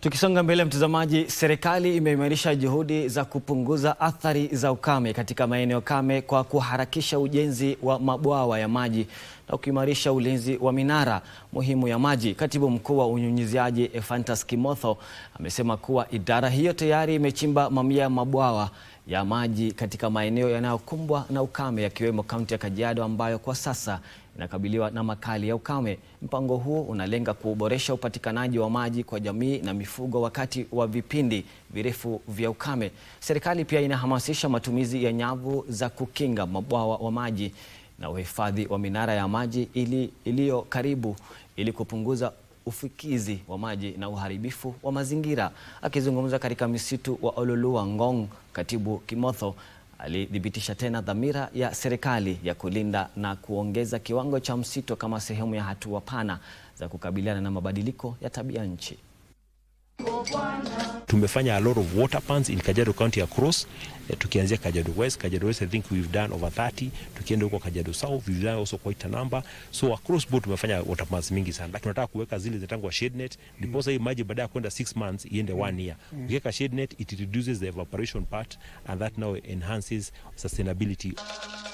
Tukisonga mbele mtazamaji, serikali imeimarisha juhudi za kupunguza athari za ukame katika maeneo kame kwa kuharakisha ujenzi wa mabwawa ya maji na kuimarisha ulinzi wa minara muhimu ya maji. Katibu Mkuu wa Unyunyiziaji Ephantus Kimotho amesema kuwa idara hiyo tayari imechimba mamia ya mabwawa ya maji katika maeneo yanayokumbwa na ukame yakiwemo kaunti ya Kajiado ambayo kwa sasa inakabiliwa na makali ya ukame. Mpango huo unalenga kuboresha upatikanaji wa maji kwa jamii na mifugo wakati wa vipindi virefu vya ukame. Serikali pia inahamasisha matumizi ya nyavu za kukinga mabwawa wa maji na uhifadhi wa minara ya maji iliyo karibu ili kupunguza ufikizi wa maji na uharibifu wa mazingira. Akizungumza katika misitu wa Ololuwa Ngong, Katibu Kimotho alithibitisha tena dhamira ya serikali ya kulinda na kuongeza kiwango cha msitu kama sehemu ya hatua pana za kukabiliana na mabadiliko ya tabia nchi. Tumefanya a lot of water pans in Kajiado County across eh, tukianzia Kajiado West, Kajiado West I think we've done over 30, tukienda huko Kajiado South we've done also quite a number. So across board tumefanya water pans mingi sana. Lakini tunataka kuweka zile zinatangwa shade net, ndipo sasa hii maji baada ya kwenda 6 months iende 1 mm. year. Mm. Ukiweka shade net it reduces the evaporation part and that now enhances sustainability. Mm.